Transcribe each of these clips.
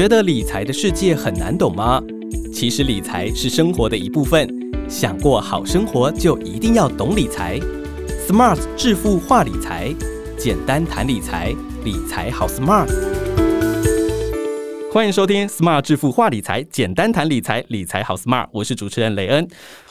覺得理財的世界很難懂嗎？其實理財是生活的一部分，想過好生活就一定要懂理財。Smart 智富話理財，簡單談理財，理財好 Smart。歡迎收聽《Smart 智富話理財》，簡單談理財，理財好 Smart。我是主持人雷恩。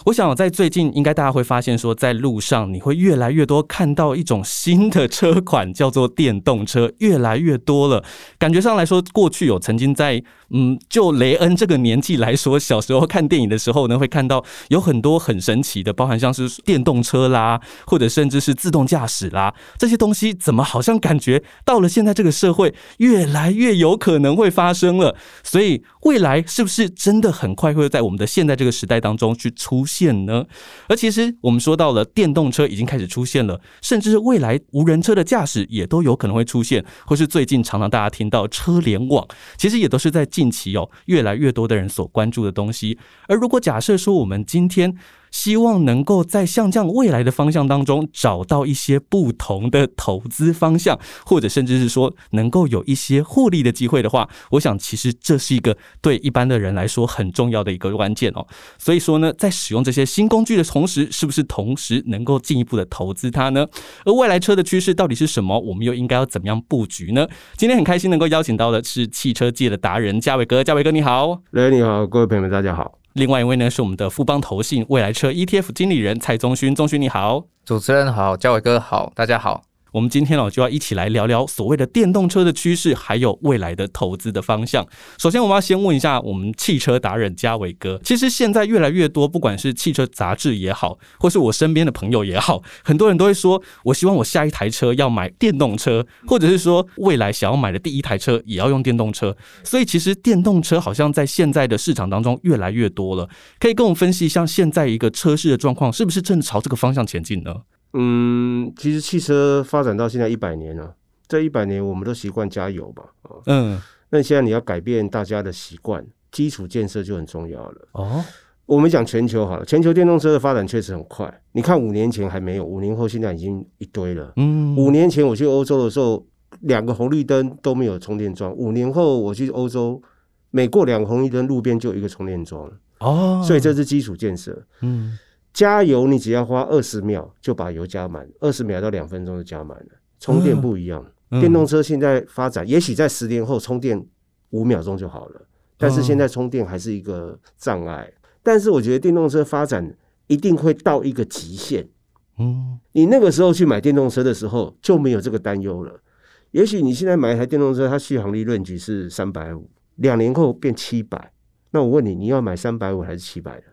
我想在最近，應該大家會發現，說在路上你會越來越多看到一種新的車款，叫做電動車，越來越多了。感覺上來說，過去有曾經在，嗯，就雷恩這個年紀來說，小時候看電影的時候呢，會看到有很多很神奇的，包含像是電動車啦，或者甚至是自動駕駛啦，這些東西怎麼好像感覺到了現在這個社會，越來越有可能會發生。了，所以未來是不是真的很快會在我們的現在這個時代當中去出現呢？而其實我們說到了電動車已經開始出現了，甚至是未來無人車的駕駛也都有可能會出現，或是最近常常大家聽到車聯網，其實也都是在近期有、哦、越來越多的人所關注的東西。而如果假設說我們今天希望能夠在像這樣未來的方向當中找到一些不同的投資方向，或者甚至是說能夠有一些獲利的機會的話，我想其實這是一個對一般的人來說很重要的一個關鍵哦、喔。所以說呢，在使用這些新工具的同時，是不是同時能夠進一步的投資它呢？而未來車的趨勢到底是什麼？我們又應該要怎麼樣布局呢？今天很開心能夠邀請到的是汽車界的達人嘉偉哥，嘉偉哥你好，喂你好，各位朋友們大家好。另外一位呢，是我們的富邦投信未來車 ETF 經理人蔡宗勳，宗勳你好，主持人好，嘉偉哥好，大家好。我們今天哦，就要一起來聊聊所謂的電動車的趨勢，還有未來的投資的方向。首先，我們要先問一下我們汽車達人嘉偉哥。其實現在越來越多，不管是汽車雜誌也好，或是我身邊的朋友也好，很多人都會說，我希望我下一台車要買電動車，或者是說未來想要買的第一台車也要用電動車。所以，其實電動車好像在現在的市場當中越來越多了。可以跟我們分析一下，現在一個車市的狀況是不是正朝這個方向前進呢？嗯，其實汽車發展到現在一百年了，啊，這一百年我們都習慣加油吧。嗯，那現在你要改變大家的習慣，基礎建設就很重要了。哦，我們講全球好了，全球電動車的發展確實很快。你看五年前還沒有，五年後現在已經一堆了。嗯，五年前我去歐洲的時候，兩個紅綠燈都沒有充電樁；五年後我去歐洲，每過兩個紅綠燈，路邊就有一個充電樁。哦，所以這是基礎建設。嗯。加油，你只要花二十秒就把油加滿，二十秒到兩分鐘就加滿了。充電不一樣，嗯嗯、電動車現在發展，也許在十年後充電五秒鐘就好了，但是現在充電還是一個障礙。嗯、但是我覺得電動車發展一定會到一個極限。嗯，你那個時候去買電動車的時候就沒有這個擔憂了。也許你現在買一台電動車，它續航力 range 是三百五，兩年後變七百，那我問你，你要買三百五還是七百的？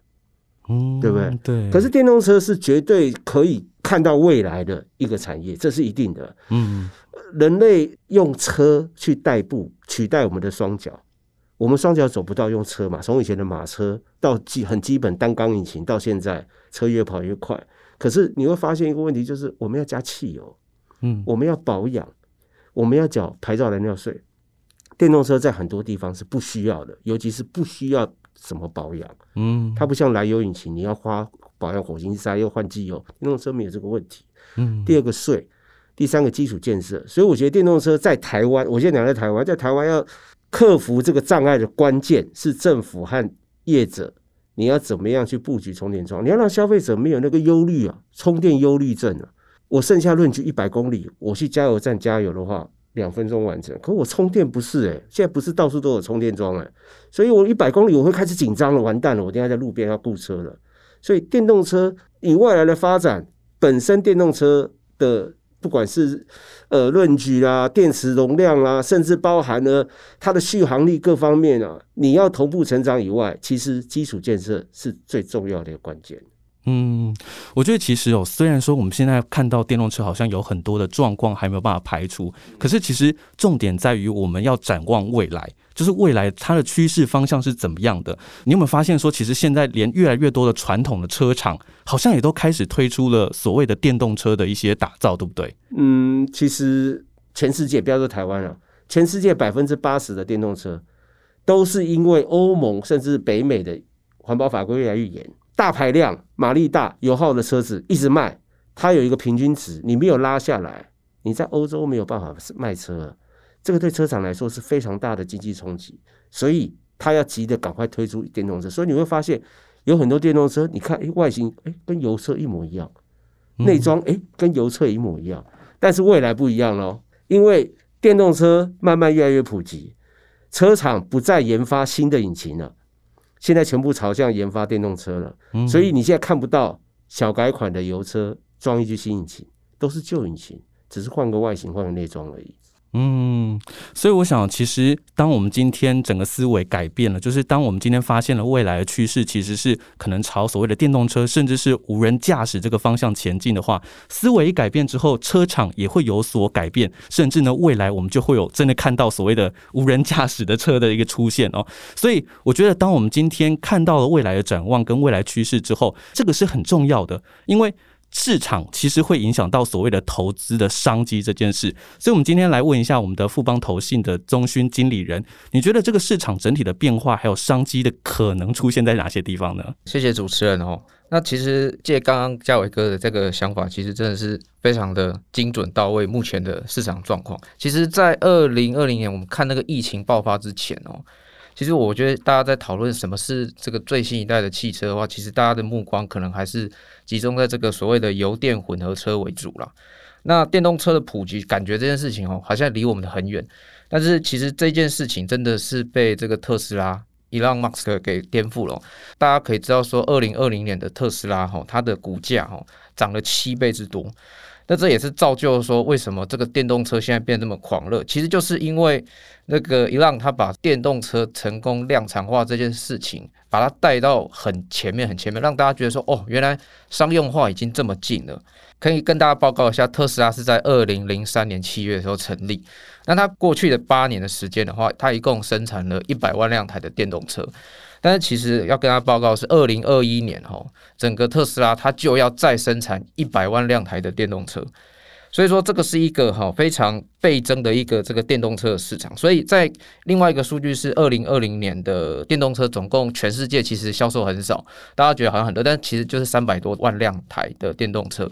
嗯，對，對不對？可是電動車是絕對可以看到未來的一個產業，這是一定的。嗯，人類用車去代步，取代我們的雙腳。我們雙腳走不到，用車嘛。從以前的馬車到基很基本單缸引擎，到現在車越跑越快。可是你會發現一個問題，就是我們要加汽油，嗯，我們要保養，我們要繳牌照燃料稅。電動車在很多地方是不需要的，尤其是不需要。怎麼保養？嗯，它不像燃油引擎，你要花保養火星塞，又換機油。電動車沒有這個問題。嗯，第二個稅，第三個基礎建設。所以我覺得電動車在台灣，我現在講在台灣，在台灣要克服這個障礙的關鍵是政府和業者，你要怎麼樣去布局充電樁？你要讓消費者沒有那個憂慮啊，充電憂慮症啊。我剩下論據一百公里，我去加油站加油的話。兩分鐘完成，可我充電不是哎、欸，現在不是到處都有充電樁、欸、所以我一百公里我會開始緊張了，完蛋了，我現在在路邊要顧車了。所以電動車以外來的發展，本身電動車的不管是呃論據啦、電池容量啦，甚至包含呢它的續航力各方面啊，你要同步成長以外，其實基礎建設是最重要的一個關鍵。嗯，我覺得其實哦，雖然說我們現在看到電動車好像有很多的狀況還沒有辦法排除，可是其實重點在於我們要展望未來，就是未來它的趨勢方向是怎麼樣的。你有沒有發現說，其實現在連越來越多的傳統的車廠，好像也都開始推出了所謂的電動車的一些打造，對不對？嗯，其實全世界不要說台灣了啊，全世界百分之八十的電動車都是因為歐盟甚至北美的環保法規越來越嚴。大排量、馬力大、油耗的車子一直賣，它有一個平均值，你沒有拉下來，你在歐洲沒有辦法賣車，啊，這個對車廠來說是非常大的經濟衝擊，所以它要急著趕快推出電動車。所以你會發現，有很多電動車，你看、欸，外形、欸、跟油車一模一樣，內裝、欸、跟油車一模一樣，但是未來不一樣囉，因為電動車慢慢越來越普及，車廠不再研發新的引擎了。現在全部朝向研發電動車了，嗯嗯、所以你現在看不到小改款的油車裝一具新引擎，都是舊引擎，只是換個外型、換個內裝而已。嗯，所以我想，其實當我們今天整個思維改變了，就是當我們今天發現了未來的趨勢，其實是可能朝所謂的電動車，甚至是無人駕駛這個方向前進的話，思維一改變之後，車廠也會有所改變，甚至呢，未來我們就會有真的看到所謂的無人駕駛的車的一個出現哦。所以我覺得，當我們今天看到了未來的展望跟未來趨勢之後，這個是很重要的，因為。市場其實會影響到所謂的投資的商機這件事，所以我們今天來問一下我們的富邦投信的宗勲經理人，你覺得這個市場整體的變化還有商機的可能出現在哪些地方呢？謝謝主持人哦。那其實借剛剛嘉偉哥的這個想法，其實真的是非常的精準到位。目前的市場狀況，其實，在二零二零年我們看那個疫情爆發之前哦。其實我覺得大家在討論什麼是這個最新一代的汽車的話，其實大家的目光可能還是集中在這個所謂的油電混合車為主了。那電動車的普及，感覺這件事情哦，好像離我們的很遠。但是其實這件事情真的是被這個特斯拉，Elon Musk 給顛覆了哦。大家可以知道說，二零二零年的特斯拉哈哦，它的股價哈漲了七倍之多。那這也是造就說，為什麼這個電動車現在變這麼狂熱？其實就是因為那個伊隆，他把電動車成功量產化這件事情，把它帶到很前面、很前面，讓大家覺得說，哦，原來商用化已經這麼近了。可以跟大家報告一下，特斯拉是在二零零三年七月的時候成立。那它過去的八年的時間的話，它一共生產了一百萬輛台的電動車。但是其實要跟大家報告是，二零二一年哈，整個特斯拉它就要再生產一百萬輛台的電動車。所以說這個是一個哈非常倍增的一個這個電動車的市場。所以在另外一個數據是二零二零年的電動車總共全世界其實銷售很少，大家覺得好像很多，但其實就是三百多萬輛台的電動車。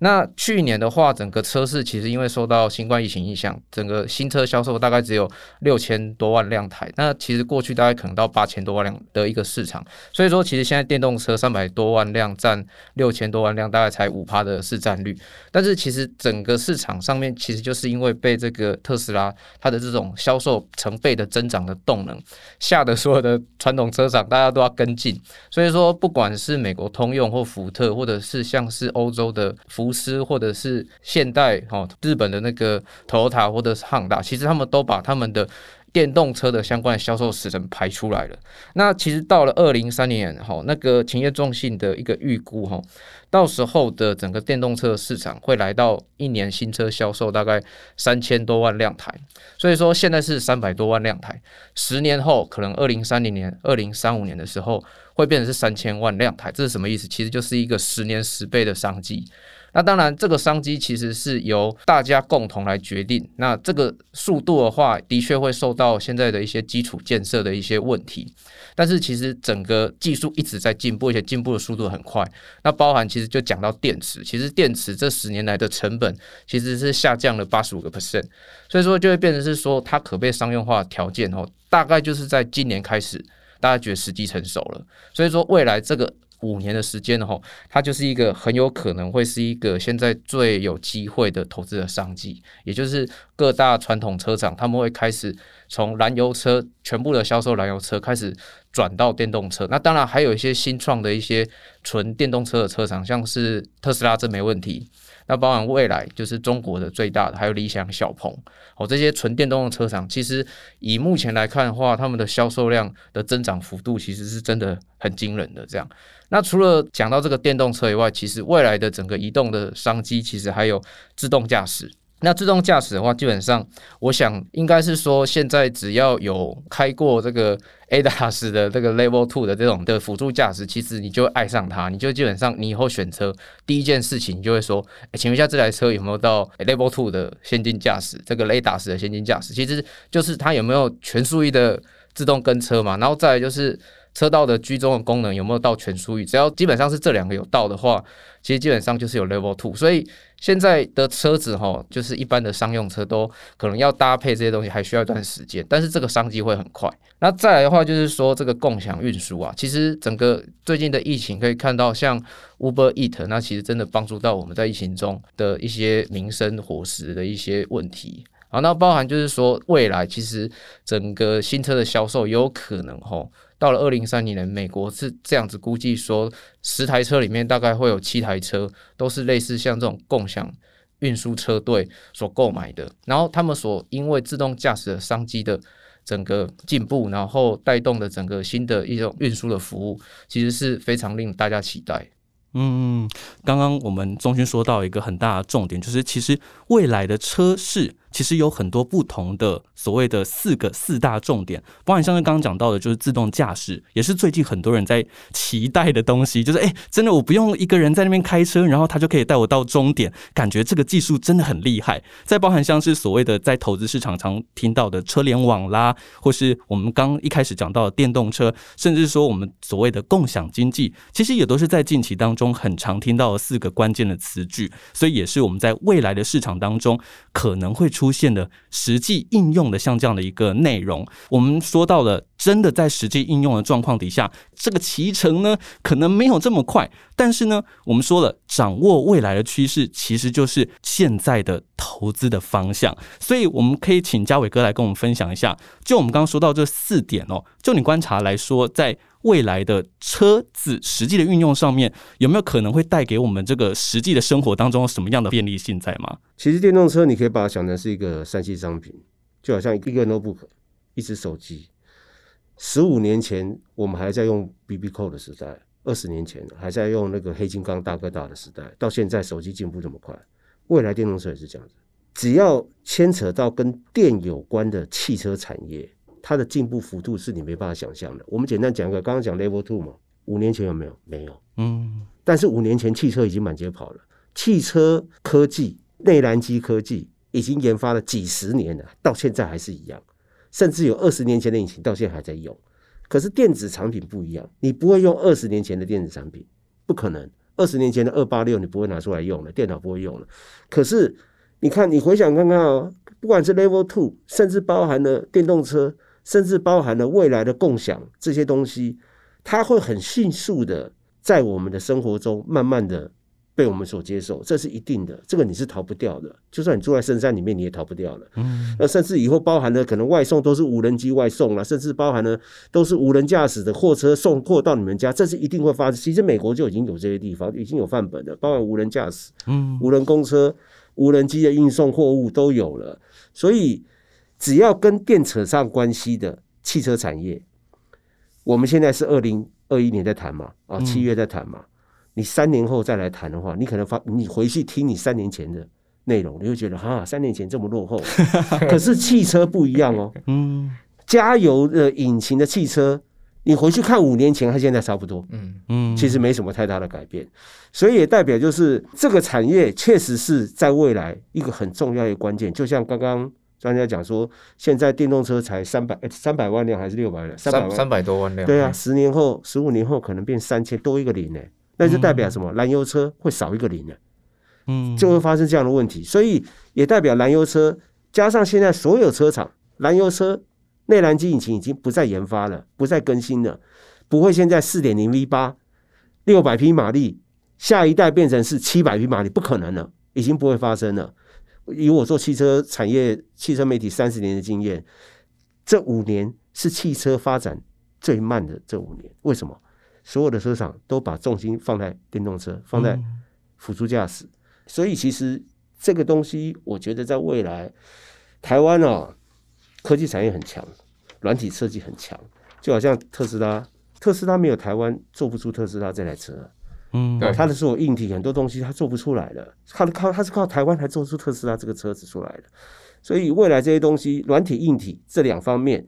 那去年的話，整個車市其實因為受到新冠疫情影響，整個新車銷售大概只有六千多萬輛台。那其實過去大概可能到八千多萬輛的一個市場。所以說其實現在電動車三百多萬輛占六千多萬輛大概才五趴的市占率，但是其實整個整個市場上面，其實就是因為被這個特斯拉它的這種銷售成倍的增長的動能，嚇得所有的傳統車廠大家都要跟進。所以說，不管是美國通用或福特，或者是像是歐洲的福斯，或者是現代哦，日本的那個 Toyota 或者是 Honda，其實他們都把他們的。電動車的相關的銷售時程排出來了。那其實到了二零三零年哈，那個企業重心的一個預估哈，到時候的整個電動車市場會來到一年新車銷售大概三千多萬輛台。所以說現在是三百多萬輛台，十年後可能二零三零年、二零三五年的時候會變成是三千萬輛台。這是什麼意思？其實就是一個十年十倍的商機。那當然，這個商機其實是由大家共同來決定。那這個速度的話，的確會受到現在的一些基礎建設的一些問題。但是，其實整個技術一直在進步，而且進步的速度很快。那包含其實就講到電池，其實電池這十年來的成本其實是下降了八十五個 percent。所以說，就會變成是說它可被商用化的條件哦，大概就是在今年開始，大家覺得時機成熟了。所以說，未來這個。五年的時間的齁，它就是一個很有可能會是一個現在最有機會的投資的商機，也就是各大傳統車廠他們會開始從燃油車全部的銷售燃油車開始轉到電動車，那當然還有一些新創的一些純電動車的車廠，像是特斯拉這沒問題。那包含未來就是中國的最大的，還有理想、小鵬，哦，這些純電動的車廠，其實以目前來看的話，他們的銷售量的增長幅度其實是真的很驚人的。這樣，那除了講到這個電動車以外，其實未來的整個移動的商機，其實還有自動駕駛。那自動駕駛的話，基本上，我想應該是說，現在只要有開過這個 d a 式的這個 Level Two 的這種的輔助駕駛，其實你就愛上它，你就基本上你以後選車第一件事情，就會說、欸，請問一下這台車有沒有到、欸、Level Two 的先進駕駛？這個雷達式的先進駕駛，其實就是它有沒有全數域的自動跟車嘛？然後再來就是。車道的居中的功能有沒有到全速域？只要基本上是這兩個有到的話，其實基本上就是有 Level Two。所以現在的車子哈，就是一般的商用車都可能要搭配這些東西，還需要一段時間。但是這個商機會很快。那再來的話，就是說這個共享運輸啊，其實整個最近的疫情可以看到，像 Uber Eats，那其實真的幫助到我們在疫情中的一些民生伙食的一些問題。好，那包含就是說未來其實整個新車的銷售有可能哈。到了二零三零年，美國是這樣子估計說，十台車裡面大概會有七台車都是類似像這種共享運輸車隊所購買的。然後他們所因為自動駕駛的商機的整個進步，然後帶動了整個新的一種運輸的服務，其實是非常令大家期待。嗯，剛剛我們中心說到一個很大的重點，就是其實未來的車市。其實有很多不同的所謂的四個四大重點，包含像是剛剛講到的，就是自動駕駛，也是最近很多人在期待的東西，就是哎，真的我不用一個人在那邊開車，然後他就可以帶我到終點，感覺這個技術真的很厲害。再包含像是所謂的在投資市場常聽到的車聯網啦，或是我們剛一開始講到的電動車，甚至說我們所謂的共享經濟，其實也都是在近期當中很常聽到的四個關鍵的詞句，所以也是我們在未來的市場當中可能會。出現的實際應用的像這樣的一個內容，我們說到了，真的在實際應用的狀況底下，這個期程呢，可能沒有這麼快。但是呢，我們說了，掌握未來的趨勢其實就是現在的投資的方向，所以我們可以請嘉偉哥來跟我們分享一下。就我們剛剛說到這四點哦，就你觀察來說，在。未來的車子實際的運用上面，有沒有可能會帶給我們這個實際的生活當中什麼樣的便利性在嗎？其實電動車你可以把它想成是一個三 C 商品，就好像一個 notebook、一隻手機。十五年前我們還在用 BB Call 的時代，二十年前還在用那個黑金剛大哥大的時代，到現在手機進步這麼快，未來電動車也是這樣子。只要牽扯到跟電有關的汽車產業。它的進步幅度是你沒辦法想象的。我們簡單講一個，剛剛講 level two 嘛，五年前有沒有？沒有，嗯。但是五年前汽車已經滿街跑了，汽車科技、內燃機科技已經研發了幾十年了，到現在還是一樣，甚至有二十年前的引擎到現在還在用。可是電子產品不一樣，你不會用二十年前的電子產品，不可能。二十年前的二八六你不會拿出來用了，電腦不會用了。可是你看，你回想看看喔，不管是 level two，甚至包含了電動車。甚至包含了未來的共享這些東西，它會很迅速的在我們的生活中慢慢的被我們所接受，這是一定的，這個你是逃不掉的。就算你住在深山裡面，你也逃不掉了。嗯，嗯，那甚至以後包含了可能外送都是無人機外送啦，甚至包含了都是無人駕駛的貨車送貨到你們家，這是一定會發生。其實美國就已經有這些地方已經有範本了，包含無人駕駛、嗯，無人公車、無人機的運送貨物都有了，所以。只要跟電扯上關係的汽車產業，我們現在是二零二一年在談嘛，啊、哦，七月在談嘛。你三年後再來談的話，你可能發你回去聽你三年前的內容，你會覺得啊，三年前這麼落後。可是汽車不一樣哦，嗯，加油的引擎的汽車，你回去看五年前和現在差不多，嗯嗯，其實沒什麼太大的改變。所以也代表就是這個產業確實是在未來一個很重要的關鍵，就像剛剛。專家講說，現在電動車才三百三百萬輛，還是六百萬輛？三百三百多萬輛。對啊，十年後、十五年後可能變三千多一個零呢。嗯、那就代表什麼？燃油車會少一個零呢？嗯，就會發生這樣的問題。所以也代表燃油車加上現在所有車廠，燃油車內燃機引擎已經不再研發了，不再更新了。不會，現在四點零 V 八六百匹馬力，下一代變成是七百匹馬力，不可能了，已經不會發生了。以我做汽車產業、汽車媒體三十年的經驗，這五年是汽車發展最慢的這五年。為什麼？所有的車廠都把重心放在電動車，放在輔助駕駛。嗯、所以，其實這個東西，我覺得在未來，台灣啊、哦，科技產業很強，軟體設計很強，就好像特斯拉，特斯拉沒有台灣，做不出特斯拉這台車。嗯，對、哦，它的所有硬體很多東西它做不出來的，它靠，它是靠台灣才做出特斯拉這個車子出來的，所以未來這些東西，軟體硬體這兩方面，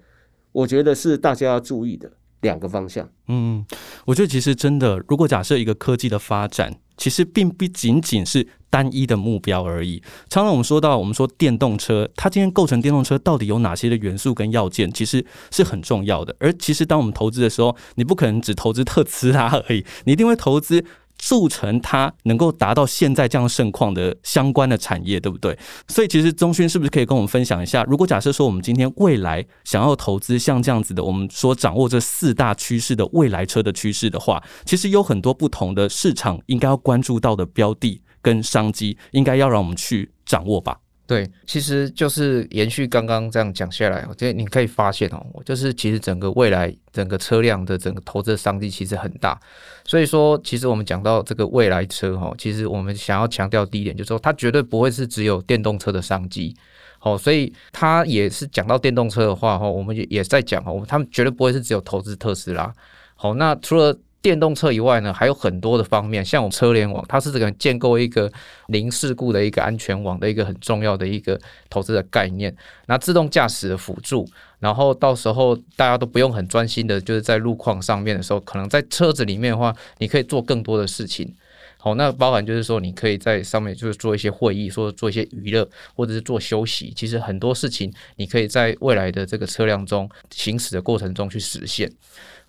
我覺得是大家要注意的兩個方向。嗯，我覺得其實真的，如果假設一個科技的發展。其實並不僅僅是單一的目標而已。常常我們說到，我們說電動車，它今天構成電動車到底有哪些的元素跟要件，其實是很重要的。而其實當我們投資的時候，你不可能只投資特斯拉而已，你一定會投資。速成它能夠達到現在這樣盛況的相關的產業，對不對？所以其實宗勲，是不是可以跟我們分享一下？如果假設說我們今天未來想要投資像這樣子的，我們說掌握這四大趨勢的未來車的趨勢的話，其實有很多不同的市場應該要關注到的標的跟商機，應該要讓我們去掌握吧。對，其實就是延續剛剛這樣講下來，我覺得你可以發現哦，就是其實整個未來整個車輛的整個投資的商機其實很大，所以說其實我們講到這個未來車哈，其實我們想要強調第一點就是說它絕對不會是只有電動車的商機，好，所以它也是講到電動車的話哈，我們也也在講哈，他們絕對不會是只有投資特斯拉，好，那除了。電動車以外呢，還有很多的方面，像我們車聯網，它是這個建構一個零事故的一個安全網的一個很重要的一個投資的概念。那自動駕駛的輔助，然後到時候大家都不用很專心的，就是在路況上面的時候，可能在車子裡面的話，你可以做更多的事情。好、哦，那包含就是說，你可以在上面就是做一些會議，說做一些娛樂，或者是做休息。其實很多事情，你可以在未來的這個車輛中行駛的過程中去實現。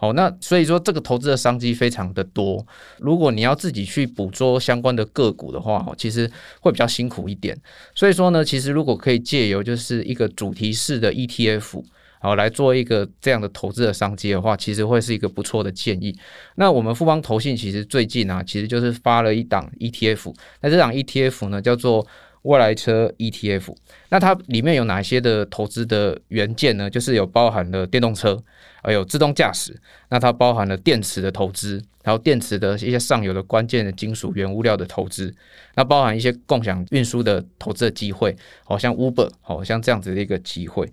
哦，那所以說這個投資的商機非常的多。如果你要自己去捕捉相關的個股的話，哦，其實會比較辛苦一點。所以說呢，其實如果可以借由就是一個主題式的 ETF，好、哦、來做一個這樣的投資的商機的話，其實會是一個不錯的建議。那我們富邦投信其實最近啊，其實就是發了一檔 ETF，那這檔 ETF 呢叫做。未來車 ETF，那它裡面有哪些的投資的元件呢？就是有包含了電動車，還有自動駕駛。那它包含了電池的投資，然後電池的一些上游的關鍵的金屬原物料的投資。那包含一些共享運輸的投資的機會，好像 Uber，好像這樣子的一個機會。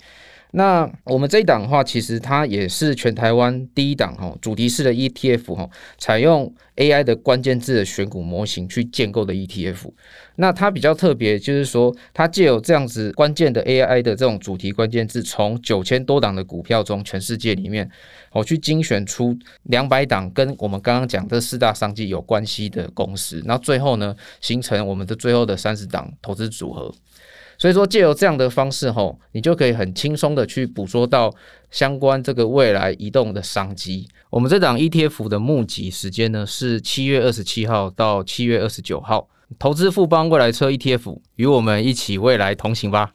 那我們這一檔的話，其實它也是全台灣第一檔哈，主題式的 ETF 哈，採用 AI 的關鍵字的選股模型去建構的 ETF。那它比較特別，就是說它藉由這樣子關鍵的 AI 的這種主題關鍵字，從九千多檔的股票中，全世界裡面，我去精選出兩百檔跟我們剛剛講這四大商機有關係的公司，那最後呢，形成我們的最後的三十檔投資組合。所以說，借由這樣的方式吼，你就可以很輕鬆的去捕捉到相關這個未來移動的商機。我們這檔 ETF 的募集時間呢是七月二十七號到七月二十九號。投資富邦未來車 ETF，與我們一起未來同行吧。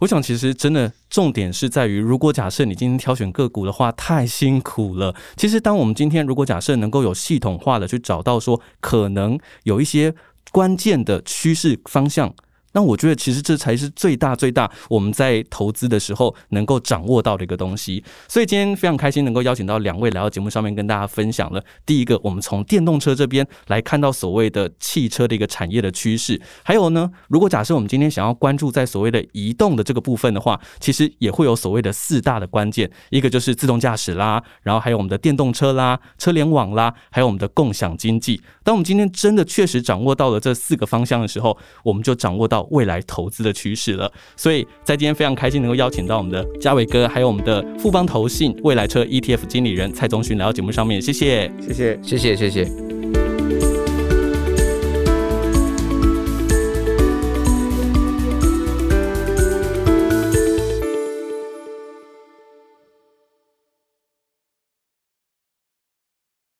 我想，其實真的重點是在於，如果假設你今天挑選個股的話，太辛苦了。其實，當我們今天如果假設能夠有系統化的去找到說，可能有一些關鍵的趨勢方向。那我覺得，其實這才是最大最大，我們在投資的時候能夠掌握到的一個東西。所以今天非常開心能夠邀請到兩位來到節目上面跟大家分享了。第一個，我們從電動車這邊來看到所謂的汽車的一個產業的趨勢。還有呢，如果假設我們今天想要關注在所謂的移動的這個部分的話，其實也會有所謂的四大的關鍵，一個就是自動駕駛啦，然後還有我們的電動車啦、車聯網啦，還有我們的共享經濟。當我們今天真的確實掌握到了這四個方向的時候，我們就掌握到。未來投資的趨勢了，所以在今天非常開心能夠邀請到我們的嘉偉哥，還有我們的富邦投信未來車 ETF 經理人蔡宗勳來到節目上面，謝謝，謝，謝謝，謝謝，謝謝，謝謝。